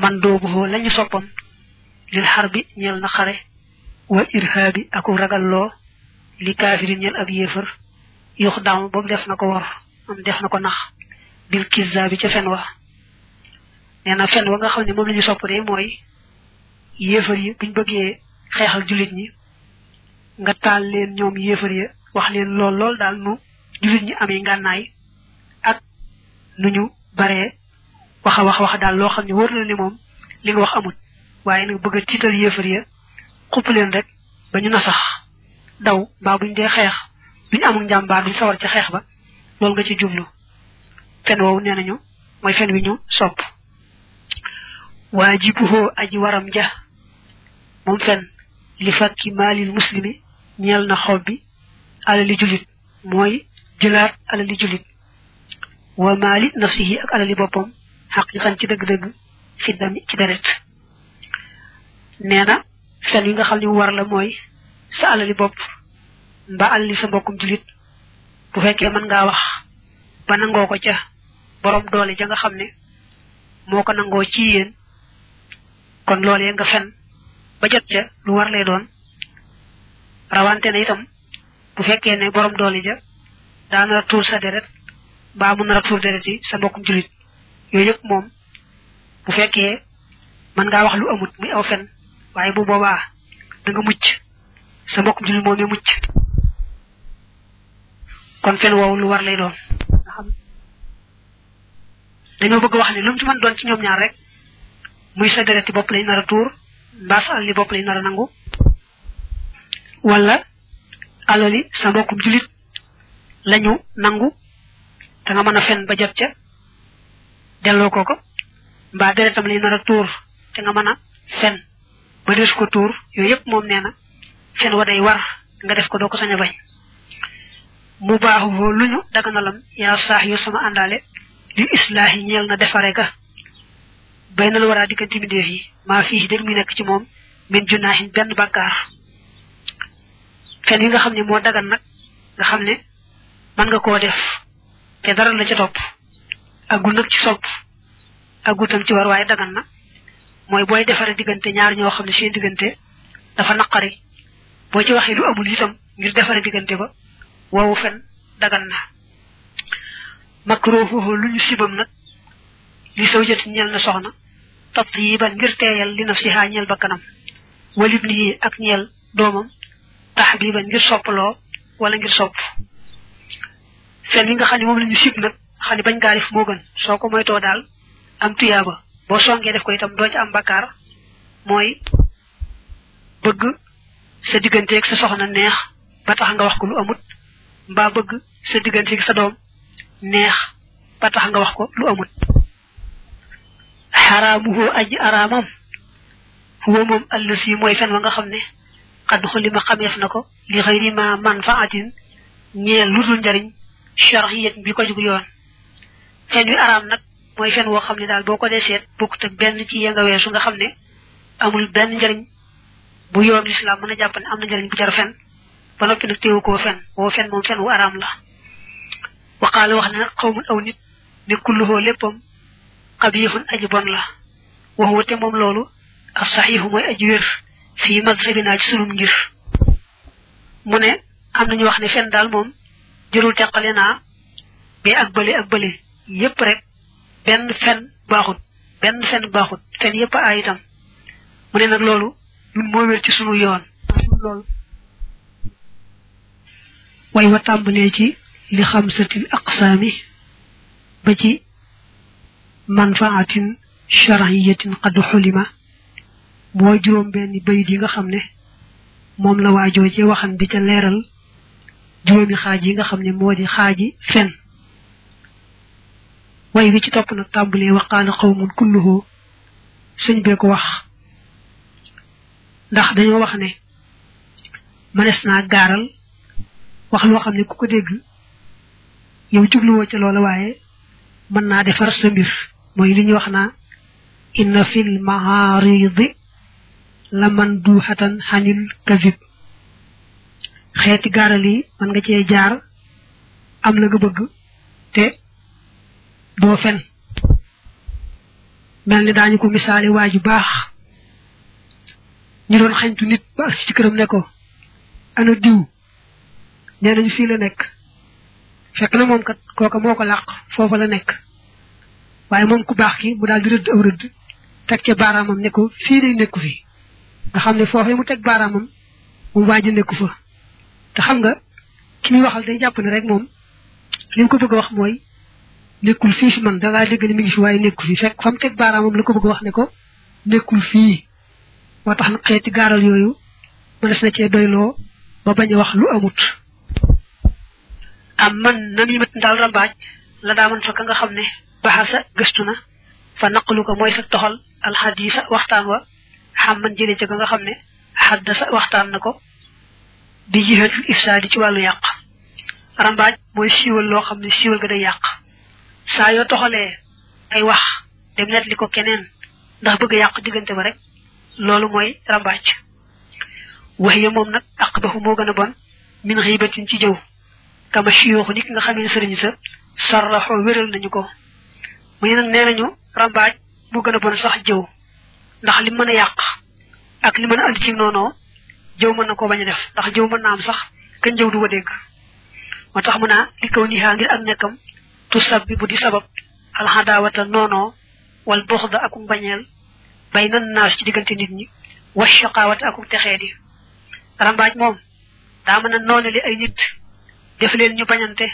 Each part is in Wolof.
man doobuhoo lañu soppam lil xar bi ñeel na xare wal irhaabi aku ragalloo li kaafiri ñeel ab yéefar yux daam boobu def na ko war am def na ko nax bil kizza bi ca fen wa nee na fen wa nga xam ne moom la ñu sopp de mooy yéefar yi buñ bëggee xeexal jullit ñi nga taal leen ñoom yéefar ya wax leen lool lool daal nu jullit ñi amee ngànnaay ak nu ñu baree wax a wax wax daal loo xam ne wóor na ni moom li nga wax amut waaye nag bëgg a tiital yéefar ya xupp leen rek ba ñu nasax daw mbaa buñ dee xeex duñ amul njàmbaar duñ sawar ci xeex ba loolu nga ci jublu fen woowu nee nañu mooy fen wi ñu sopp waajibuhoo aji waram ja moom fen li fakki maalil muslimi ñeel na xob bi alali jullit mooy jëlaat alali jullit wa maali nafsihi ak alali boppam yi xaqiqan ci dëgg-dëgg fi dami ci deret nee na fen yi nga xam ni mu war la mooy sa alali bopp mba alali sa mbokkum jullit bu fekkee mën ngaa wax ba nangoo ko ca boroom doole ja nga xam ne moo ko nangoo ci yéen kon loolee nga fen ba jot ca lu war lay doon rawante na itam bu fekkee ne borom doole ja daa nar a sa deret mbaa mu nar a tuur deret sa mbokkum jullit yooyu yëpp moom bu fekke mën ngaa wax lu amut muy fen waaye bu boobaa da nga mucc sa mbokkum jullit moom mi mucc kon fen woowu lu war lay doon nga xam wax ne lu mu ci mën doon ci ñoom muy sa deret bopp lay nar a tuur mbaa sa bopp lay nar a nangu wala alal yi sa mbokkum jullit lañu nangu da nga mën a fen ba jot ca delloo ko ko mbaa deretam li nar a tuur te nga mën a fen ba des ko tuur yooyu yëpp moom nee na fen wa day war nga def ko doo ko sañ a bañ mu baaxu foo lu ñu daganalam yaa saax yu sama àndaale li yi ñeel na defare ka bay na lu waraa a diggante mbindeef yi maa fii del muy nekk ci moom min junaahin benn bàkkaar fen yi nga xam ne moo dagan nag nga xam ne mën nga koo def te dara la ca topp agul nag ci sopp agul tam ci war waaye dagan na mooy booy defaree diggante ñaar ñoo xam ne seen diggante dafa naqari boo ci waxee lu amul itam ngir defaree diggante ba woowu fen dagan na makruuhu lu ñu sibam nag li saw jot ñel na soxna tatyiban ngir teeyal li nafsiha kanam bakkanam walibnihi ak ñel doomam tahbiban ngir soppaloo wala ngir sopp fen wi nga xam ne moom la ñu sib nag xam ne bañ gaa def moo soo ko moytoo daal am tuyaaba boo songee def ko itam doo am bakaar mooy bëgg sa digganteeg sa soxna neex ba tax nga wax ko lu amut mbaa bëgg sa digganteeg sa doom neex ba tax nga wax ko lu amut xaraamuhu aji araamam huwa moom àllës yi mooy fen wa nga xam ne xad xulli ma xameef na ko li xëyri ma manfaatin ñeel lu dul njariñ charxiyat bi ko jug yoon fen wi araam nag mooy fen woo xam ne daal boo ko dee seet bokkut teg benn ci yënga weesu nga xam ne amul benn njariñ bu yoonu lislaam mën a jàpp ne am na njëriñ bu jar fen ba noppi nag téewu koo fen woo fen moom fen wu araam la waqaala wax ne nag xawmun nit ne kulluhoo léppam xabiixun aji bon la wax moom loolu ak saxiixu mooy aji wér fii mazhabi naa ci sunum ngir mu ne am nañu wax ne fen daal moom jërul teqale naa bee ak bële ak bële yëpp rek benn fen baaxut benn fen baaxut fen yépp aay itam mu ne nag loolu ñun moo wér ci sunu yoon loolu way wa tàmbalee ci li xamsatil aqsaami ba ci manfaatin charahiyatin qad xulima mooy juróom benn bayit yi nga xam ne moom la waajoo ci waxan di ca leeral juróomi xaaj yi nga xam ne moo di xaaji fen way wi ci topp nag tàmbalee waqaala xawmun kulluhu sëñ bee ko wax ndax dañoo wax ne mënees naa gaaral wax loo xam ne ku ko dégg yow jubluwoo ca loola waaye mën naa defar sa mbir mooy li wax naa inna fil maharidi la man duuxatan xanil kazib xeeti gaaral yi mën nga cee jaar am la nga bëgg te doo fen mel ni daañu ko misaale waa ju baax ñu doon xañtu nit ba agsi ci këram ne ko ana diw nee nañu fii la nekk fekk na moom kat kooka moo ko làq foofa la nekk waaye moom ku baax ki mu daal di rëdd aw rëdd teg ca baaraamam ne ko fii day nekku fi nga xam ne foofee mu teg baaraamam mu waaj a nekku fa te xam nga ki muy waxal day jàpp ne rek moom li ko bëgg a wax mooy nekkul fii fi man dangaa dégg ne mi ngi fi waaye nekku fi fekk fa mu teg baaraamam la ko bëgg wax ne ko nekkul fii moo tax na xeeti gaaral yooyu mënees na cee doyloo ba bañ wax lu amut am man namimat ndaal la daa mën nga xam ne baxasa gëstu na fa naqalu ko mooy sa toxal alxadiisa waxtaan wa xam man jëlee ca ka xam ne xaddasa waxtaan na ko bi jihatul ifsaadi ci wàllu yàq rambaaj mooy siiwal loo xam ne siiwal ga day yàq saa yoo toxalee ay wax dem li ko keneen ndax bëgg yàq diggante ba rek loolu mooy ràmbaaj wax ya moom nag aqbahu moo gën a bon min xiibatin ci jëw kama siyooxu ni ki nga xam ne sëriñ sa sarraxoo wéral nañu ko mu ne nag nee nañu ràmbaaj moo gën a bon sax jëw ndax li mën a yàq ak li mën a andi ci noono jëw mën na koo bañ a def ndax jëw mën na am sax kenn jëw du ko dégg moo tax mu naa li kaw nihaa ngir ak nekkam tu sab bi bu di sabab alxadaawata noonoo wal buxda aku mbañeel bay nan naas ci diggante nit ñi wa shaqaawata aku texee di rambaaj moom daa mën a noonale ay nit def leen ñu bañante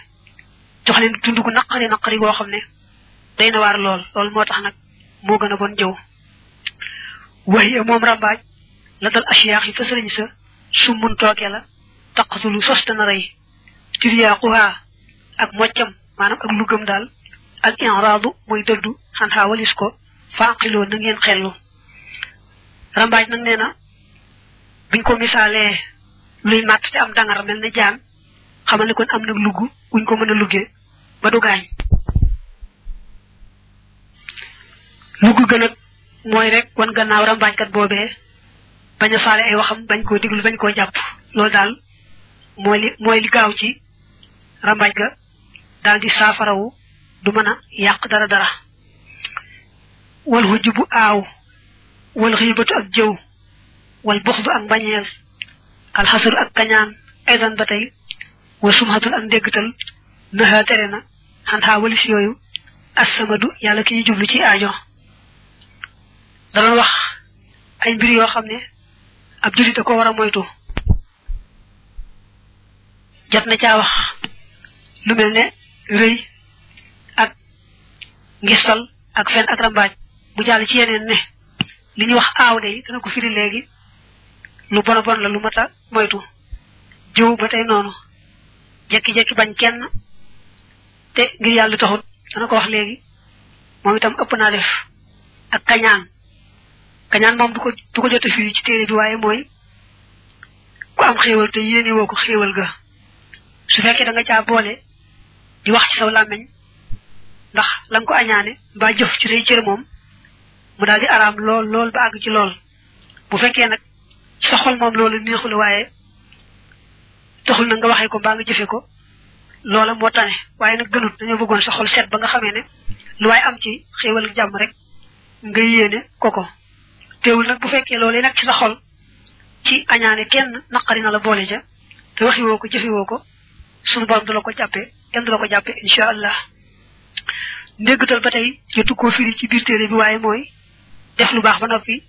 jox leen dund gu naqari naqari goo xam ne day na waar lool loolu moo tax nag moo gën a bon jëw waxiya moom rambaaj la dal asiyaax yi fa sëriñ sa summun tooke la taqatulu sos dana rey turiyaa quhaa ak moccam maanaam ak lu daal al inraadu mooy dëddu xan xaa walis ko faaqiloo na ngeen xellu rambaaj nag nee na biñ ko misaalee luy màtt te am dangar mel ne jaan xamal kon am nag lugg guñ ko mën a luggee ba du gaañ lugg mooy rek wan gannaaw rambaajkat boobee bañ a faale ay waxam bañ koo diglu bañ koo jàpp loolu daal mooy li mooy li ci rambaaj ga daal di saafarawu du mën a yàq dara dara wal hujbu aaw wal xiibatu ak jëw wal buxdu ak mbañeel alxasaru ak kañaan aydan ba tey wa sumhatul ak ndéggtal naxa tere na xantaa walis yooyu assamadu yàlla ki ñu jublu ci aajo danoon wax ay mbir yoo xam ne ab jullit da ko war a moytu jot na caa wax lu mel ne rëy ak sol ak fen ak rambaaj mu jàll ci yeneen ne li ñuy wax aaw de yi dana ko firi léegi lu bona la lu mata moytu jiw ba tey noonu jekki-jekki bañ kenn te ngir yàlla taxut dana ko wax léegi moom itam ëpp naa def ak kañaan kañaan moom du ko du ko jote ci téere bi waaye mooy ku am xéewal te yéene woo ko ga su fekkee da nga caa boole di wax ci saw làmmiñ ndax la ko añaane mbaa jëf ci say cër moom mu daal di araam lool lool àgg ci lool bu fekkee nag sa xol moom loolu neexul waaye taxul na nga waxee ko mbaa nga jëfee ko loola moo tane waaye nag gënut dañoo bëggoon sa xol set ba nga xamee ne lu waaye am ci xéewal jàmm rek nga yéene ko ko teewul nag bu fekkee loolu nag ci sa xol ci añaane kenn naqari na la boole ja te waxi ko jëfe woo ko suñu borom du la ko jàppee kenn du la ko jàppe incha allah ndéggatal ba tey jotu koo firi ci biir téere bi waaye mooy def lu baax ba noppi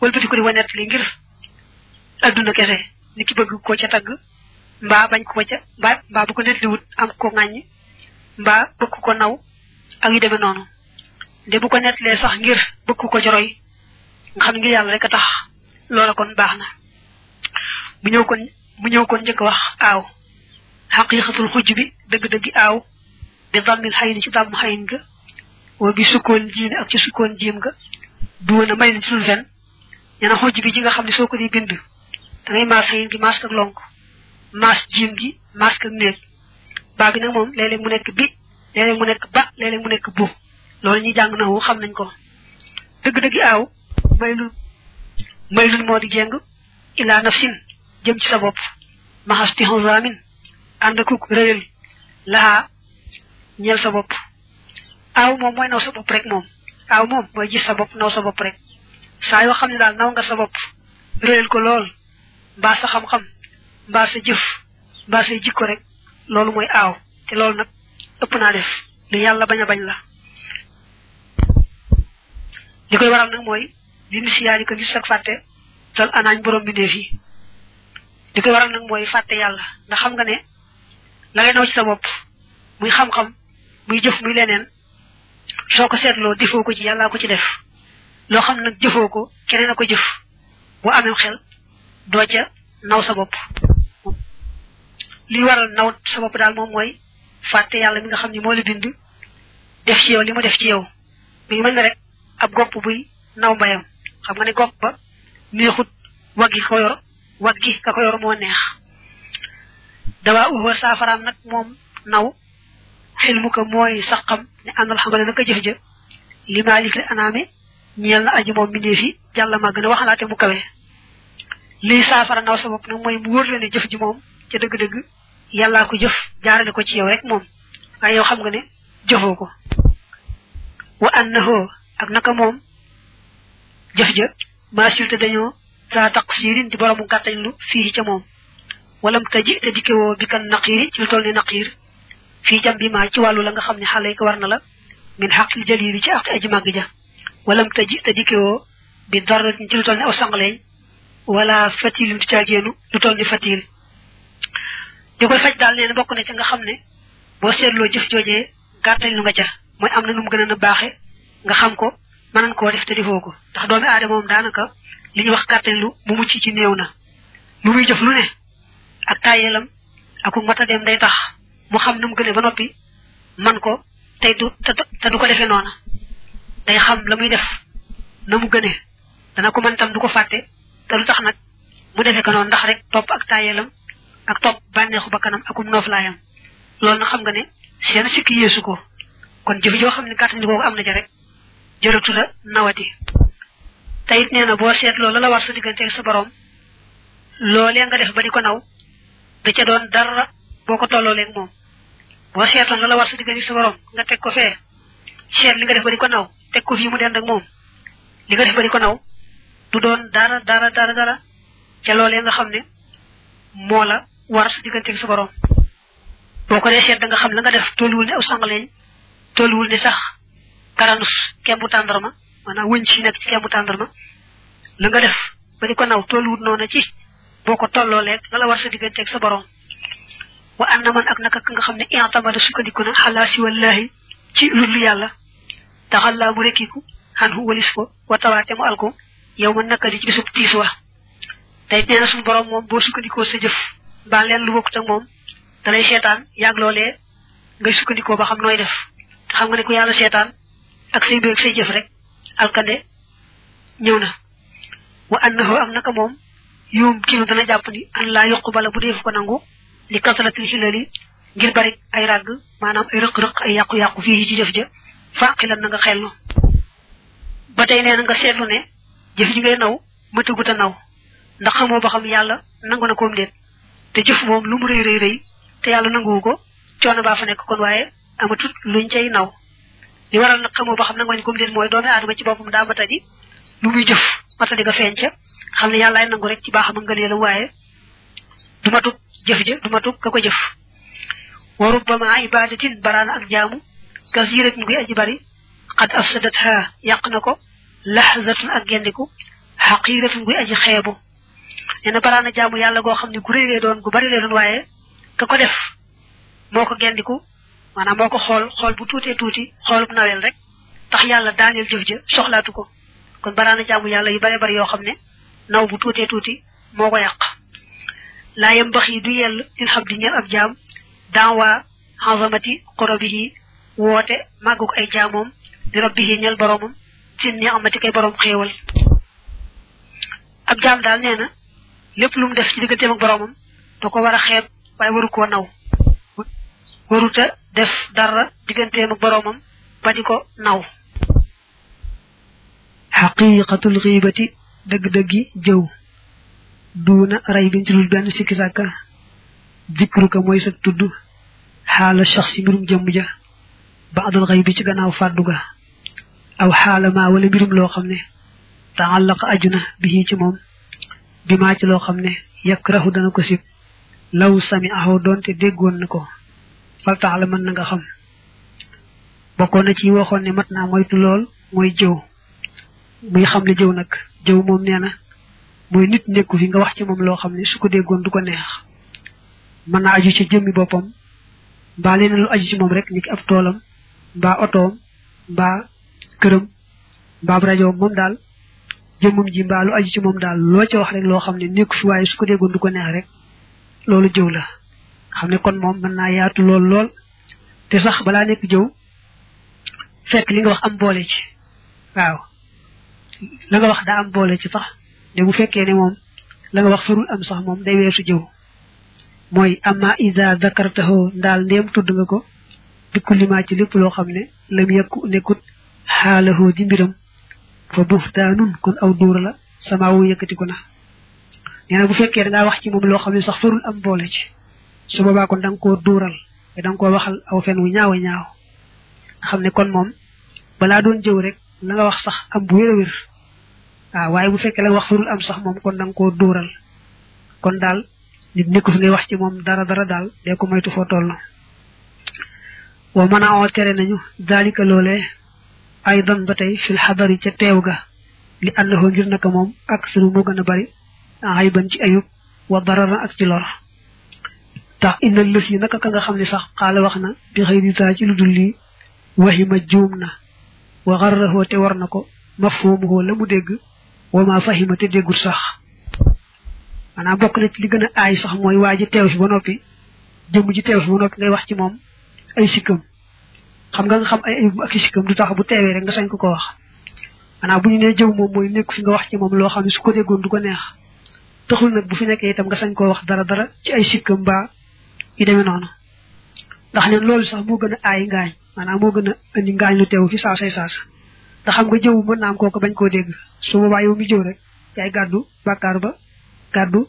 wëlbati ko di wanet li ngir adduna kese ni ki bëgg ko ca tagg mbaa bañ ko ca mbaa mbaa bu ko netliwut am ko ŋàññ mbaa bëgg ko naw ak yu demee noonu de bu ko netlee sax ngir bëgg ko ca roy xam ne ngir yàlla rek a tax loola kon baax na mu ñëw kon mu ñëw kon njëkk wax aw xaqiqatul xujj bi dëgg dëgg aw bi dammil xayin ci damm xayin ga wa bi sukkoon jiin ak ci sukkoon jiim ga bu duuna may ni ci dul fen ñena xujj bi ji nga xam ne soo ko di bind da ngay maas xayin gi maas ak lonk maas jiim gi maas ak néeg baa bi nag moom léeg-léeg nekk bi léeg bu nekk ba léeg-léeg nekk bu lool ñuy jàng na wu xam nañ ko dëgg-dëggi aaw may lu may lul moo di jéng ilaa nafsin jëm ci sa bopp maxas ti xonzamin ànd akuk rëyal laxaa ñeel sa bopp aw moom mooy naw sa bopp rek moom aaw moom mooy gis sa bopp naw sa bopp rek saa yoo xam ne daal naw nga sa bopp réyal ko lool mbaa sa xam-xam mbaa sa jëf mbaa say jikko rek loolu mooy aw te loolu nag ëpp naa def lu yàlla bañ a bañ la li koy waral nag mooy li misiyaari ko gis ak fàtte dal anaañ borom bi néef yi li koy waral nag mooy fàtte yàlla ndax xam nga ne la ngay naw ci sa bopp muy xam-xam muy jëf muy leneen soo ko seetloo defoo ko ci yàllaa ko ci def loo xam nag jëfoo ko keneen a ko jëf boo amee xel doo ca naw sa bopp li waral naw sa bopp daal moom mooy fàtte yàlla mi nga xam ne moo la bind def ci yow li mu def ci yow mi ngi mel rek ab gopp buy naw mbayam xam nga ne gopp ba neexut waggi ka ko waggi ka ko moo neex dawaa uwa saafaraam nag moom naw xel mu ko mooy sax xam ne àndal xamale naka jëf ja li maalik li anaame ñeel na aji moom mbindee fi jàll maa ne waxalaate mu kawe liy saafara naw sa bopp nag mooy mu wóor la ne jëf ji moom ca dëgg-dëgg yàllaa ko jëf jaarale ko ci yow rek moom waaye yow xam nga ne jëfoo ko naka moom jëf ja maa silte dañoo saa taq siirin di boromu gàttañ lu fii ca moom walam taji te dikke woo bi kan naqiiri ci lu toll ni naqiir fii jam bi ci wàllu la nga xam ne xale ko war na la min xaqil jalili ci aq aji màgg ja walam taji te dikke woo bi daratin ci lu toll ni aw sangaleñ wala fatil du caagéenu lu toll ni fatil di koy faj daal nee bokk na ci nga xam ne boo seetloo jëf joojee gàttañ lu nga ca mooy am na nu mu gën a baaxe nga xam ko mënan koo def te defoo ko ndax doomi aadama moom daanaka li ñuy wax gàttañ lu mu mucc ci néew na lu muy jëf lu ne ak tàyyeelam ak dem day tax mu xam nu mu gënee ba noppi man ko tey du te du ko defe noona day xam la muy def na mu gënee dana ko mën tam du ko fàtte te lu tax nag mu defee ko noon ndax rek topp ak tàyyeelam ak topp bànneexu ba kanam akum nooflaayam loolu na xam nga ne seen sikki yeesu ko kon jëf joo xam ne gàttandiku ko am na ca rek jërëtu la nawati te it nee na boo seetloo la la war sa diggante ak sa borom loolee nga def ba di ko naw da ca doon dara boo ko tolloo leen moom boo seetoon la la war sa diggante sa borom nga teg ko fee seet li nga def ba di ko naw teg ko fii mu den ak moom li nga def ba di ko naw du doon dara dara dara dara ca loolee nga xam ne moo la war sa diggante sa borom boo ko dee seet da nga xam la nga def tolluwul ne aw sangaleñ tolluwul ne sax karanus kembu ma maanaam wëñ si nekk ci kembu tàndarma la nga def ba di ko naw tolluwul noona ci boo ko tollooleeg la la war sa digganteeg sa borom wa an na man ak naka ka nga xam ne intamada sukkandiku na xalaa si wallaahi ci ludul yàlla taxal laa mu rekkiku xan hu walis ko wa tawaate mu alko yow man naka di ci bisub suñu borom moom boo sukkandikoo sa jëf leen lu bokkut ak moom dalay seetaan yàgg loolee ngay sukkandikoo ba xam nooy def xam nga ne ku yàlla seetaan ak say mbir ak say jëf rek alkande ñëw na wa annahu am naka moom yuum kii dana jàpp ni an laa yokku bala bu dee ko nangu li kasaratil xilali ngir bari ay ràgg maanam ay rëq-rëq ay yàqu-yàqu fii ci jëf ja fàqilan na nga xel no ba tey nee na nga seetlu ne jëf ji ngay naw matagut a naw ndax xamoo ba xam yàlla nangu na koom déet te jëf moom lu mu rëy rëy rëy te yàlla nanguwu ko coono baa fa nekk kon waaye lu luñ cay naw li waral nag xamoo ba xam nangu nañ koom déet mooy doomi aadama ci boppam daa matadi lu muy jëf matadi nga feeñ ca xam ne yàllaay nangu rek ci baaxam ak ngëneelam waaye du matug jëf ja du matug ka ko jëf wa rubbama ibadatin baraana ak jaamu kasiiratin guy aji bari qad afsadat ha yàq na ko lahzatun ak gendiku xaqiiratun guy aji xeebu nee na baraana jaamu yàlla goo xam ne gu rëy lay doon gu bari lay doon waaye ka ko def moo ko gendiku maanaam moo ko xool xool bu tuutee tuuti xoolub nawel rek tax yàlla daaneel jëf ja soxlaatu ko kon baraana jaamu yàlla yu bare bari yoo xam ne naw bu tuute tuuti moo ko yàq laa yem yi du yell il xam di ñeel ab jaam danwa azamati qurabihi woote màgguk ay jaamoom di rabbihi ñeel boroomam ci ni amati kay boroom xéewal ab daal nee na lépp lu def ci digganteem ak boroomam da ko war a xeeb waaye waru koo naw waruta def dara digganteem ak boroomam ba ko naw xaqiqatul xiibati dëgg-dëggi jëw duuna rey biñ ci dul benn sikki sàkka jikru mooy sa tudd xaala shaxsi mbirum jëmm ja baadal xëy bi ci gannaaw fàddu ga aw xaala maa wala mbirum loo xam ne taxal taallaqa ajuna bi ci moom bi maa ci loo xam ne yakrahu dana ko sib law sami axoo doonte déggoon na ko faltaala man na nga xam bokkoon na ci waxoon ne mat naa moytu lool mooy jëw muy xam ne jëw nag jëw moom nee na mooy nit nekku fi nga wax ci moom loo xam ne su ko déggoon du ko neex mën naa aju ci jëmmi boppam mbaa leneen lu aju ci moom rek ni ki ab toolam mbaa otoom mbaa këram mbaa rajoom moom daal jëmmam ji mbaa lu aju ci moom daal loo ci wax rek loo xam ne nekku fi waaye su ko déggoon du ko neex rek loolu jëw la xam ne kon moom mën naa yaatu lool lool te sax balaa nekk jëw fekk li nga wax am boole ci waaw la wax daa am boole ci sax ne bu fekkee ne moom la wax farul am sax moom day weesu jëw mooy amma isa zakartahu ndaal ndéem tudd nga ko bi kullimaa ci lépp loo xam ne lam yekku nekkut xaalahu di mbiram fa buxtaanun kon aw duur la samaawu yëkkatiku na nee na bu fekkee da ngaa wax ci moom loo xam ne sax farul am boole ci su boobaa kon da nga koo duural da nga koo waxal aw fen wu ñaaw a ñaaw xam ne kon moom balaa doon jëw rek la wax sax am bu wér waaw ah, waaye bu fekkee la wax firul am sax moom kon da nga koo dóoral kon daal nit nekku fi ngay wax ci moom dara dara daal dee ko moytu foo toll wa mën a tere nañu daalika loolee ay don ba tey fil xadari ca teew ga li àndaxoo ngir naka moom ak sunu moo gën a bari ay ban ci ayub wa darara ak ci lor tax inna lës yi naka ka nga xam ne sax xaala wax na bi xëy ditaa ci lu dul lii waxi ma juum na wa xarraxoo te war na ko mafhumuhoo la mu dégg wama fahima te déggut sax maanaam bokk na ci li gën a aay sax mooy waa ji teew fi ba noppi jëmm ji teew fi ba ngay wax ci moom ay sikkam xam nga nga xam ay ayib ak sikkam du tax bu teewee rek nga sañ ko ko wax maanaam bu ñu nee jëw moom mooy nekk fi nga wax ci moom loo xam ne su ko déggoon du ko neex taxul nag bu fi nekkee itam nga sañ koo wax dara dara ci ay sikkam mbaa yu noonu ndax leen loolu sax moo gën a aay ngaañ maanaam moo gën a indi ngaañ lu teew fi saasay saasa te xam nga jëw mën naa am kooku bañ koo dégg su boobaa yow mi jëw rek yaay gàddu bàkkaar ba gàddu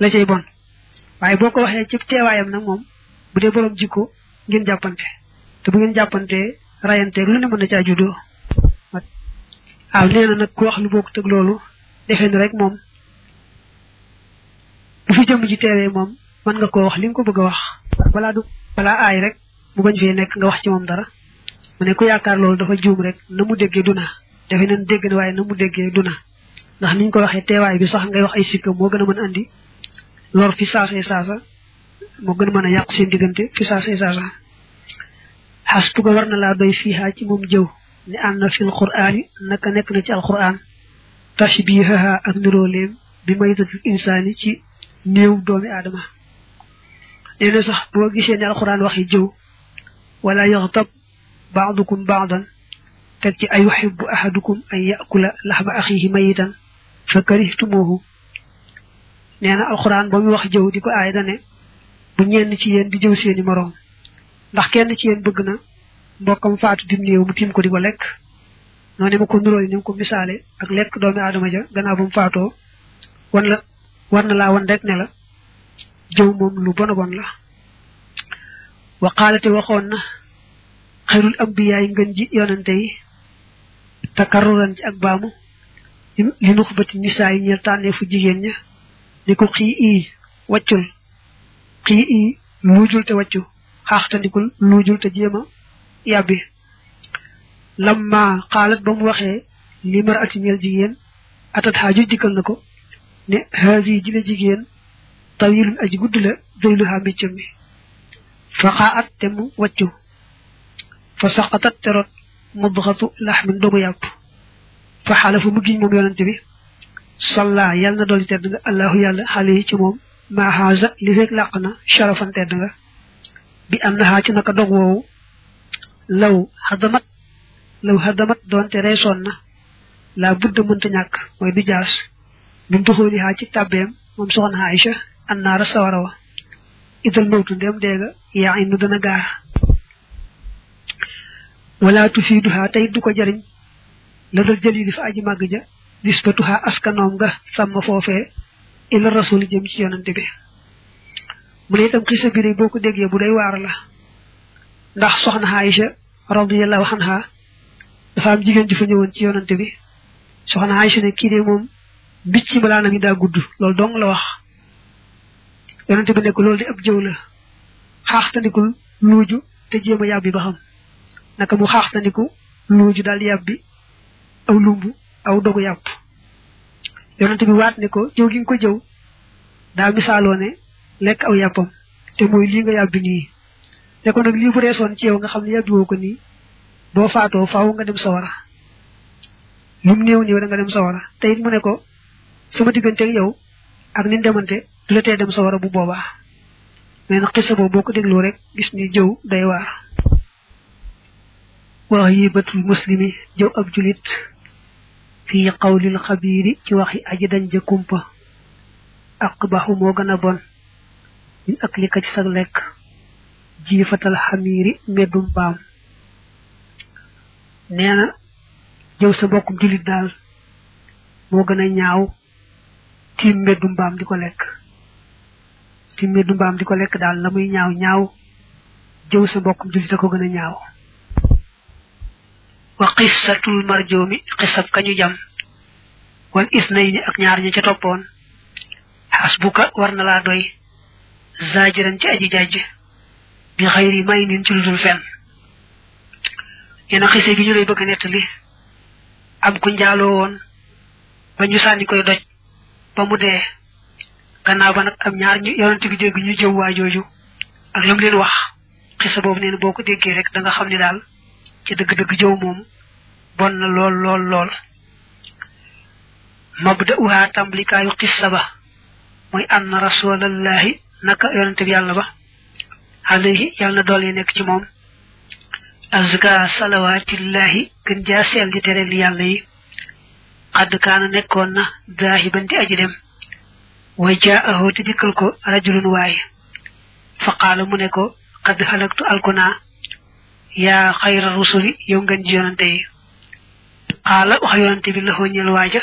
la cay bon waaye boo ko waxee ci teewaayam nag moom bu dee borom jikko ngeen jàppante te bu ngeen jàppantee rayanteeg lu ne mën na caa juddoo waaw nag ku wax lu bokk tëg rek moom bu fi jëm ji teewee moom mën nga koo wax li nga ko bëgg a wax balaa du balaa aay rek mu bañ fee nekk nga wax ci moom dara mu ne ku yaakaar loolu dafa juum rek na mu déggee duna defe nañ dégg na waaye na mu déggee duna ndax niñ ko waxee teewaay bi sax ngay wax ay sikka moo gën a mën a andi lor fi saasee saasa moo gën mën a yàqu seen diggante fi saasee saasa xas bu ko war na laa doy fiihaa ci moom jëw ne ànd na fil quraan yi naka nekk na ci alquran tashbiihaha ak niróoleem bi maytatul insaani ci néew doomi aadama nee na sax boo gisee ne alquran waxi jëw wala yoxtab baadukum baadan teg ci ayuhibbu ahadukum an yakula laxma axiihi mayitan fa karihtumuhu nee na alxuraan ba muy wax jëw di ko aay dane bu ñenn ci yéen di jëw seeni moroom ndax kenn ci yéen bëgg na mbokkam faatu dim néew mu tiim ko di ko lekk noonu ma ko nuróoy ni mu ko misaale ak lekk doomi aadama ja gannaaw ba faatoo wan la war na laa wan rek ne la jëw moom lu bon la waxaalate waxoon na xayrul ambiyaay ngën ji yonante yi takaruran ci ak baamu li nuxbati nisaa yi ñeel tànnee fu jigéen ña ni ko xii ii waccul xii ii luujul te waccu xaaxtandikul luujul te jéema yàbbi lamma xaalat ba mu li mar ati ñeel jigéen atat xaaju dikkal na ko ne haasi jile jigéen tawilun aji gudd la dayluha mbiccam mi fa xaa at te mu waccu fa saqatat te rot mudghatu laxmin dogu yàpp fa xalafu mu giñ moom yonante bi salla yàlla na dooli tedd nga allahu yàlla xale yi ci moom maaxaasa li fekk làq na sharafan tedd nga bi am naxaa ci naka dog woowu law xadamat law xadamat doonte reesoon na laa budda mënta ñàkk mooy du jaas min duxoolihaa ci tàbbeem moom soxna Aïcha annaara sawara wa idal mawtu ndem dee nga yaa inu dana gaar wala tufiiduha tey du ko jariñ la dal jëlili fa aji màgg ja nisbatuha askanoom nga sàmm foofee ila rasul jëm ci yonante bi mu ne itam xisa bi de boo ko déggee bu day waar la ndax soxna Aïcha radiyallahu anha dafa am jigéen ju fa ñëwoon ci yonante bi soxna Aïcha ne kii de moom bicci malaanam yi daa gudd loolu dong la wax yonante bi ne ko loolu de ab jëw la xaaxtandikul luuju te jéem yàbbi ba xam naka mu xaaxtaniku luuju daal yàbbi aw lumb aw dogu yàpp yonent bi waat ne ko jëw gi ko jëw daa misaaloo ne lekk aw yàppam te mooy lii nga bi nii ne ko nag lii bu reesoon ci yow nga xam ne yàbbi woo ko nii boo faatoo faaw nga dem sawara lu mu néew néew nga dem sawara te it mu ne ko sama digganteeg yow ak ni demante du la tee dem sawara bu boobaa mais na xisa boobu boo ko dégloo rek gis ni jëw day waar wa hibatul muslimi jëw ab julit fii qawlil xabiiri ci waxi aji dañ ja kumpa aqbaxu moo gën a bon min ak lika ci sag lekk jiifatal xamiiri meddum mbaam nee jëw sa mbokkum julit daal moo gën a ñaaw tiim meddum mbaam di ko lekk tiim meddum mbaam di ko lekk daal la muy ñaaw ñaaw jëw sa mbokkum julit a ko gën a ñaaw wax wa qissatul marjoomi xisab kañu jam wal isnayni ak ñaar ñi ca toppoon xasbuka war na laa doy zaajiran ci aji jàjj bi xayri may nin ci ludul fenn yéena xise bi ñu lay bëgg a nettali am ku njaaloo woon ba ñu sànni koy doj ba mu dee gannaaw ba nag am ñaar ñu yonent bi dégg ñu jëw jooju ak lam leen wax xisa boobu neen boo ko déggee rek da nga xam ne daal ci dëgg-dëgg jëw moom bon na lool lool lool mabda'uha tàmbalikaayu xissa ba muy ann rasulallaahi naka yonente bi yàlla ba alayhi yàlla na dool yi nekk ci moom azka salawaatillaahi gën jaa seel di tere li yàlla yi xadd kaana nekkoon na daahiban di aji dem way jaaho te dikkal ko rajulun waay fa qaala mu ne ko xadd xalaktu alkuna yaa xayra rusuli yow ngeen ji yonante yi xaala wax yonante bi la xooñeel waaja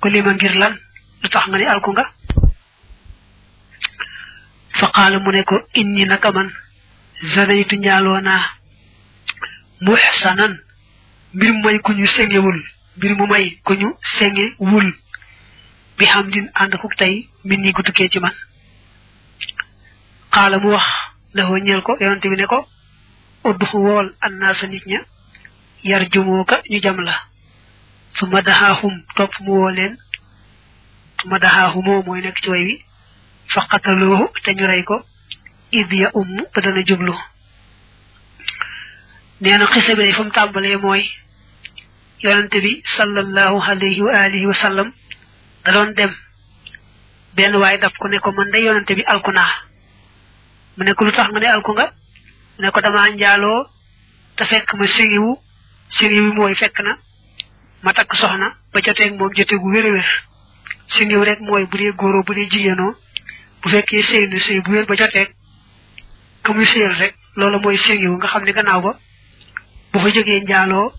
ko lima ngir lan lu tax nga ne alku nga fa xaala mu ne ko naka man zanaytu njaaloo naa muxsanan mbir mu may ku ñu sengewul mbir mu may ku sengewul bi xam din ànd ko tey min nii ko tukkee ci man xaala mu wax la xooñeel ko yonante bi ne ko uddufu wool annaasa nit ña yar jumooka ñu jam la su ma daxaaxum topp mu woo leen su ma mooy nekk ci way wi fa te ñu rey ko id ya umm ba dana jublu nee na xisa bi day fa tàmbalee mooy yonante bi sallallahu alayhi wa alihi wa da doon dem benn waaye daf ko ne ko man day yonante bi alku naa mu ne ko lu tax nga ne alku ne ko damaa njaaloo te fekk ma sériwu sériwu mooy fekk na ma takk soxna ba joteeg moom jote gu wér a wér sériwu rek mooy bu dee góoroo bu dee jigéenoo bu fekkee sëy na sëy bu wér ba joteeg ka muy rek loolu mooy sériwu nga xam ne gannaaw ba bu fa jógee njaaloo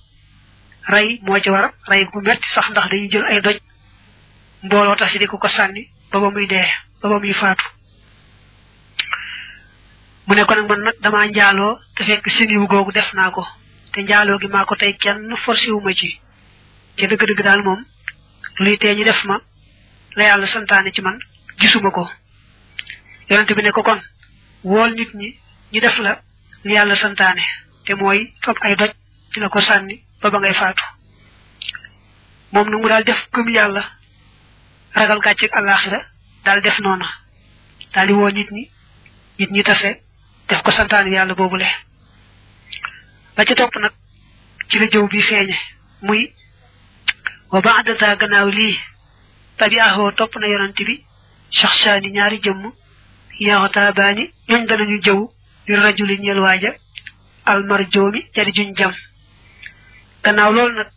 rey moo ci war rey bu metti sax ndax dañuy jël ay doj mbooloo tas di ko ko sànni ba ba muy dee ba muy faatu mu ne ko nag man nag damaa njaaloo te fekk siniwu googu def naa ko te njaaloo gi maa ko tey kenn forcé wu ma ci te dëgg-dëgg daal moom luy tee ñu def ma la yàlla santaane ci man gisuma ko yonent bi ne ko kon wool nit ñi ñu def la yàlla santaane te mooy fab ay doj la ko sànni ba ba ngay faatu moom nag mu daal def gëm yàlla ragal gàcceeg àllaaxira daal def noona daal di woo nit ñi nit ñi tase def ko santaane yàlla boobule la ca topp nag ci la jëw bi feeñe muy wa baada za gannaaw lii tabiaxoo topp na yonante bi saxsaani ñaari jëmm yaxataa baani ñooñ danañu jëw li rajuli waa waaja almarjoomi jadi juñ jam gannaaw loolu nag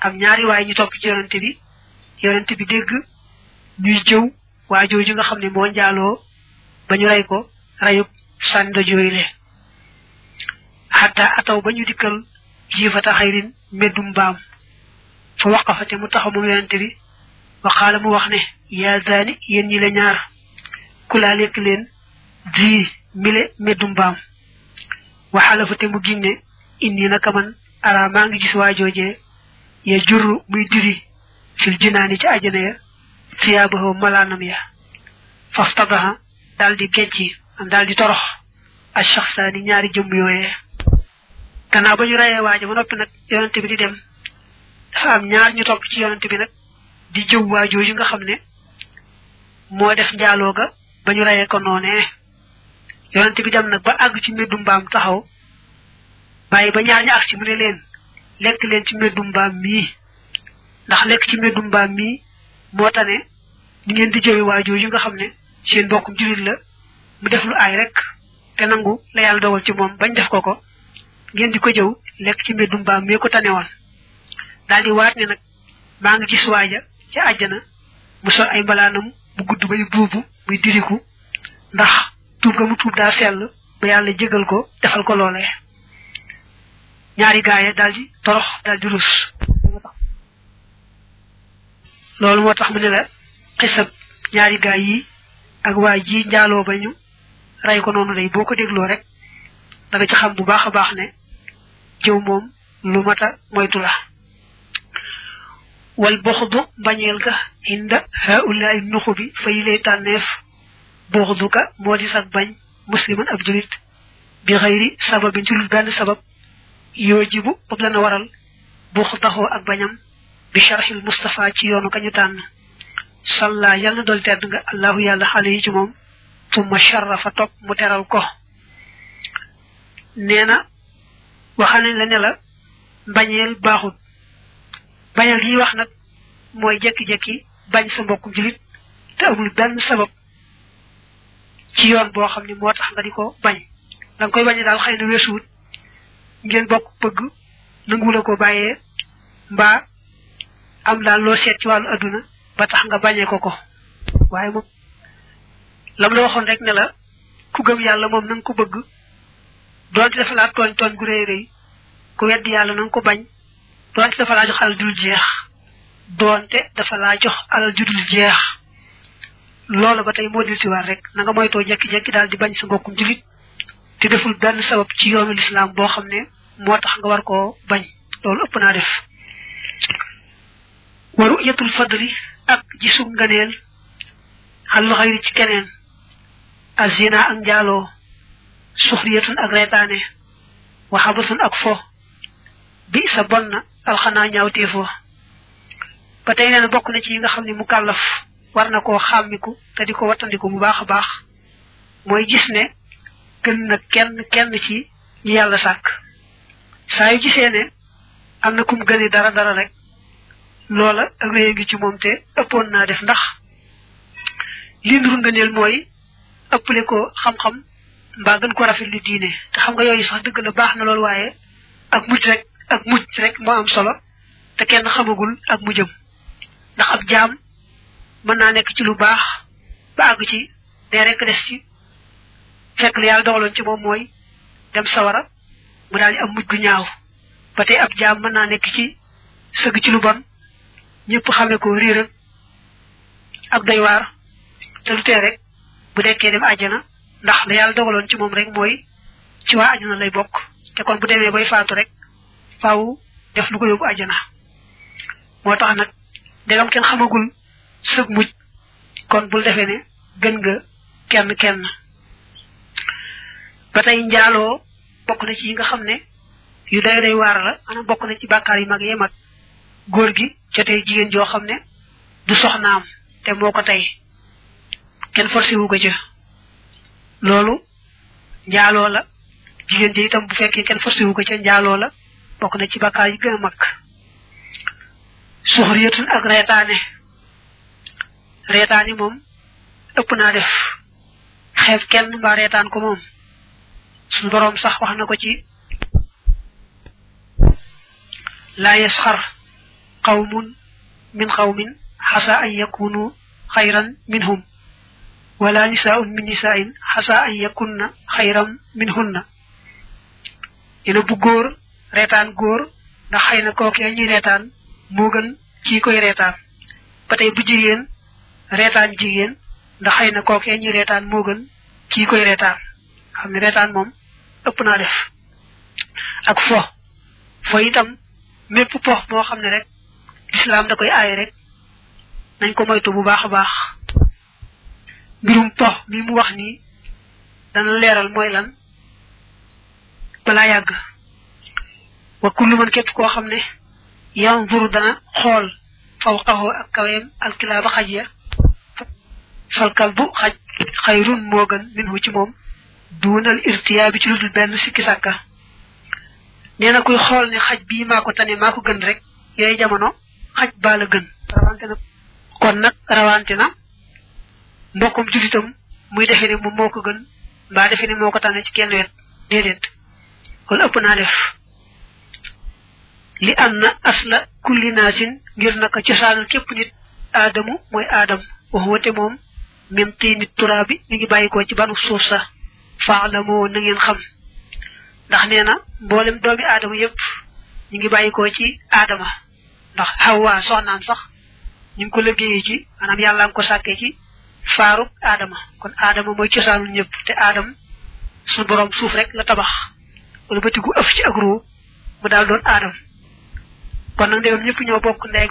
am ñaari waay ñu topp ci yonante bi yonante dégg ñuy jëw waajooju nga xam ne moo njaaloo ba ñu rey ko reyuk sànda jooyle xataa ataw ba ñu dikkal jiifata xayrin meddum mbaam fa waqafa te mu taxaw moom yonente bi waxaala mu wax ne yaa zaani yéen ñi la ñaar kulaa lekk leen di mile meddum mbaam waxaala fa te mu ginne indi naka man ara maa ngi gis waa ya jurru muy diri fil jinaani ca ajana ya siyaabahoo malaanam ya fastadaha daal di gecci daal di torox ak shaxsaani ñaari jëm yooyee gannaaw ba ñu reyee waaja ba noppi nag yonante bi di dem am ñaar ñu topp bi nag di jëw waa jooju nga xam ne moo def njaaloo ga ba ñu reyee ko noonee yonante bi dem nag ba àgg ci meddu mbaam taxaw bàyyi ba ñaar ña ak ci mu ne leen lekk leen ci meddu mbaam mi ndax lekk ci meddu mbaam mi moo tane ni ngeen di jëwe waa jooju nga xam ne seen bokkum jullit la mu def lu aay rek te nangu la yàlla dogal ci moom bañ def ko ko ngeen di ko jëw lekk ci mbeddum mbaam mee ko tanewoon daal di waat ne nag maa ngi gis waaja ci àjjana mu sol ay mbalaanam mu gudd bay buubu muy diriku ndax tuub nga mu tuub daa sell ba yàlla jégal ko defal ko loole ñaari gaaye daal di torox daal di rus loolu moo tax mu ne la xisab ñaari gaay yi ak waa ji njaaloo ba ñu rey ko noonu day boo ko dégloo rek da ci xam bu baax a baax ne jëw moom lu mata moytu la wal buxdu mbañeel ga inda haulaay nuxu bi fa yilee tànneef buxdu ka moo di sag bañ musliman ab julit bi xayri sababin ci lu benn sabab yoo jibu bopp la na waral buxdaxoo ak bañam bi charxil Moustapha ci yoonu kañu tànn salla yàlla na dool tedd nga allahu yàlla xale yi ci moom summa fa topp mu teral ko nee na waxane la ne la mbañeel baaxut mbañeel gi wax nag mooy jekki-jekki bañ sa mbokkum julit te amul benn sabab ci yoon boo xam ne moo tax nga di bañ da nga koy bañe daal xëy na weesuwut ngeen bokk bëgg nangu ko bàyyee mbaa am daal loo seet ci wàllu adduna ba tax nga bañee ko ko waaye moom lam la waxoon rek ne la ku gëm yàlla moom na nga ko bëgg doonte dafa laa tooñ tooñ gu rëy rëy ku wedd yàlla na nga ko bañ doonte dafa laa jox alal ju dul jeex doonte dafa laa jox alal ju dul jeex loolu ba tey moo dil si war rek na nga moytoo jekki-jekki daal di bañ sa mbokkum julit te deful benn sabab ci yoonu lislaam boo xam ne moo tax nga war koo bañ loolu ëpp naa def waru yetul fadli ak gisu nganeel xal lu xayri ci keneen alzina ak njaaloo suxriyatun ak reetaane waxabasun ak fo bi sa bon na alxanaa ñaawteefoo ba tey nee na bokk na ci yi nga xam ne mu kàllaf war na koo xàmmiku te di ko wattandiku bu baax a baax mooy gis ne gën na kenn kenn ci yàlla sàkk saa yu gisee ne am na kum gëne dara dara rek loola ak réye ngi ci moom te ëppoon naa def ndax li nduru ngëneel mooy ëppale ko xam-xam mbaa gën ko rafet li diine te xam nga yooyu sax dëgg la baax na loolu waaye ak mujj rek ak mujj rek moo am solo te kenn xamagul ak mujjam ndax ab jaam mën naa nekk ci lu baax ba àgg ci ne rek des ci fekk li yàlla ci moom mooy dem sawara mu daal am mujj gu ñaaw ba tey ab jaam mën naa nekk ci sëgg ci lu bam ñëpp xamee ko riir ak doy waar te lu tee rek bu dekkee dem àjjana ndax la yàlla dogaloon ci moom rek mooy ci waa àjjana lay bokk te kon bu demee bay faatu rek faaw def lu ko yóbbu àjjana moo tax nag ndegam kenn xamagul sëg mujj kon bul defee ne gën ga kenn kenn ba tey njaaloo bokk na ci yi nga xam ne yu day day waar la maanaam bokk na ci bàkkaar yi mag yee mag góor gi jotee jigéen joo xam ne du soxnaam te moo ko tey kenn forcé wu ko ca loolu njaaloo la jigéen ji bu fekkee kenn forcé wu ko ca njaaloo la bokk na ci bakkaar yi gën a mag suxriyatun ak reetaane reetaane moom ëpp naa def xeeb kenn mbaa reetaan ko moom suñu boroom sax wax ko ci laa yasxar qawmun min qawmin xasa an yakunu xayran minhum wala nisaun min nisain xasa an yakunna xayram min na ina bu góor reetaan góor ndax xëy na kooku ñuy reetaan moo gën kii koy reetaan ba tey bu jigéen reetaan jigéen ndax xëy na kooku ñuy reetaan moo gën kii koy reetaan xam ne reetaan moom ëpp naa def ak fo fo itam mépp pox moo xam ne rek lislaam da koy aaye rek nañ ko moytu bu baax a baax mbirum pox mi mu wax nii dana leeral mooy lan balaa yàgg wa kullu man képp koo xam ne yanzuru dana xool fawqahu ak kaweem alkilaaba xaj ya falkal bu xaj xayrun moo gën minhu ci moom duunal irtiyaa bi ci lu dul benn sikki sàkka nee kuy xool ne xaj bi mako ko tane maa gën rek yooyu jamono xaj bala la gën rawante na kon nag rawante na mbokkum jullitam muy defee ne moom moo ko gën mbaa defee ne moo ko tànn ci kenn wet déedéet kon ëpp naa def li am na asla kulli naasin ngir naka cosaanal képp nit aadamu mooy aadam wax wate moom même tii nit turaa bi mi ngi bàyyikoo ci banu suuf sa faalamoo na ngeen xam ndax nee na mboolem doomi aadama yépp ñu ngi bàyyikoo ci aadama ndax xawaa soxnaan sax ñu ngi ko liggéeyee ci maanaam yàlla ngi ko sàkkee ci faaruk aadama kon aadama mooy cosaanul ñëpp te aadam suñu borom suuf rek la tabax wala bëtigu ëf ci ak ruu mu daal doon aadam kon na ndewam ñëpp ñoo bokk ndey